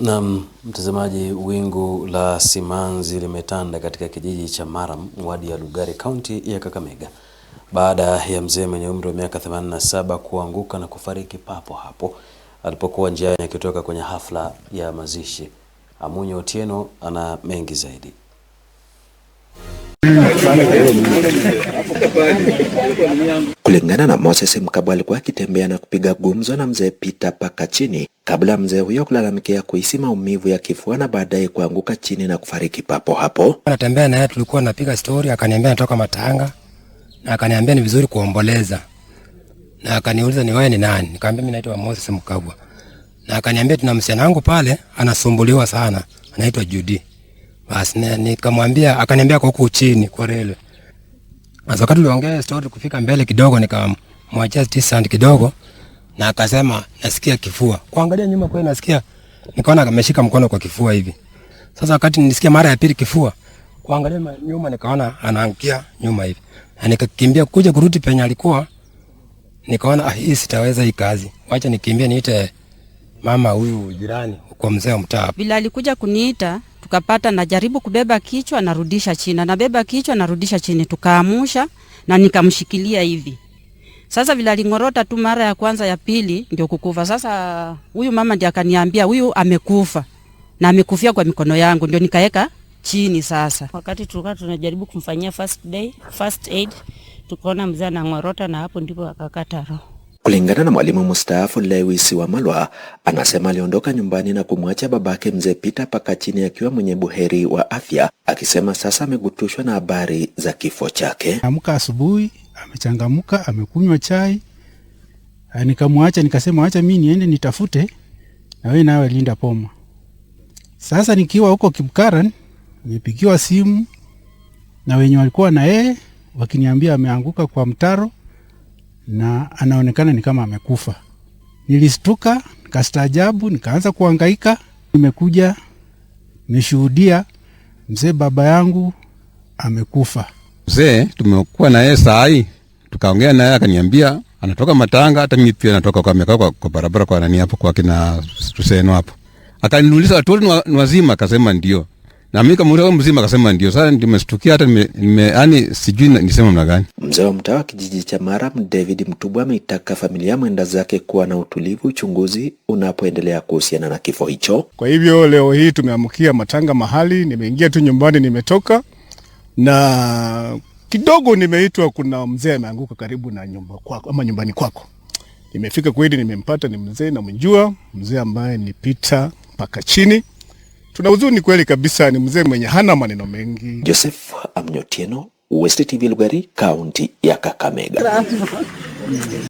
Naam, mtazamaji, wingu la simanzi limetanda katika kijiji cha Maram, wadi ya Lugari, kaunti ya Kakamega baada ya mzee mwenye umri wa miaka 87 kuanguka na kufariki papo hapo alipokuwa njiani akitoka kwenye hafla ya mazishi. Amunyo Otieno ana mengi zaidi. Kulingana na Moses Mkabwa, alikuwa akitembea na kupiga gumzo na mzee Peter paka chini kabla mzee huyo kulalamikia kuhisi maumivu ya kifua na baadaye kuanguka chini na kufariki papo hapo. Anatembea naye, tulikuwa napiga stori, akaniambia natoka matanga na akaniambia ni vizuri kuomboleza, na akaniuliza ni wewe ni nani? Nikamwambia mimi naitwa Moses Mkabwa, na akaniambia tuna msichana wangu pale anasumbuliwa sana, anaitwa Judy basi nikamwambia akaniambia kwa huku chini kwa reli. Sasa wakati tuliongea story kufika mbele kidogo nikamwachia tisand kidogo na akasema nasikia kifua. Kuangalia nyuma kwa nasikia nikaona ameshika mkono kwa kifua hivi. Sasa wakati nilisikia mara ya pili kifua, kuangalia nyuma nikaona anaangukia nyuma hivi. Na nikakimbia kuja kurudi penye alikuwa. Nikaona ah, hii sitaweza hii kazi. Wacha nikimbie niite mama huyu jirani kwa mzee wa mtaa. Bila alikuja kuniita tukapata, najaribu kubeba kichwa narudisha chini, nabeba kichwa narudisha chini, tukaamusha na nikamshikilia hivi sasa vile alingorota tu mara ya kwanza ya pili ndio kukufa. Sasa huyu mama ndiye akaniambia huyu amekufa na amekufia kwa mikono yangu, ndio nikaeka chini. Sasa wakati tulikuwa tunajaribu kumfanyia first day, first aid, tukaona mzee anangorota na hapo ndipo akakata roho. Kulingana na mwalimu mstaafu Lewis Wamalwa, anasema aliondoka nyumbani na kumwacha babake mzee Peter Pakachini akiwa mwenye buheri wa afya, akisema sasa amegutushwa na habari za kifo chake. Amka asubuhi, amechangamka, amekunywa chai, ah, nikamwacha, nikasema acha mi niende nitafute, na wewe nawe linda poma. Sasa nikiwa huko Kibkaran, nipigiwa simu na wenye walikuwa na yeye wakiniambia ameanguka kwa mtaro na anaonekana ni kama amekufa. Nilistuka, nikastaajabu, nikaanza kuangaika Nimekuja nimeshuhudia mzee baba yangu amekufa. Mzee tumekuwa na yeye saa hii, tukaongea naye akaniambia anatoka Matanga, hata mimi pia natoka kwa kwa, kwa barabara kwa nani hapo kwa kina Tuseno hapo. Akaniuliza watu ni wazima, akasema ndio na mimi kama mtaa mzima akasema ndio. Sasa nimeshtukia hata nime yaani sijui nisema mna gani. Mzee wa mtaa wa kijiji cha Maram David Mtubwa ameitaka familia mwenda zake kuwa na utulivu uchunguzi unapoendelea kuhusiana na kifo hicho. Kwa hivyo leo hii tumeamkia matanga mahali, nimeingia tu nyumbani, nimetoka na kidogo nimeitwa, kuna mzee ameanguka karibu na nyumba kwako ama nyumbani kwako. Nimefika kweli, nimempata, ni mzee namjua, mzee ambaye ni Peter mpaka chini Tuna huzuni kweli kabisa, ni mzee mwenye hana maneno mengi. Joseph Amnyotieno, West TV Lugari, kaunti ya Kakamega.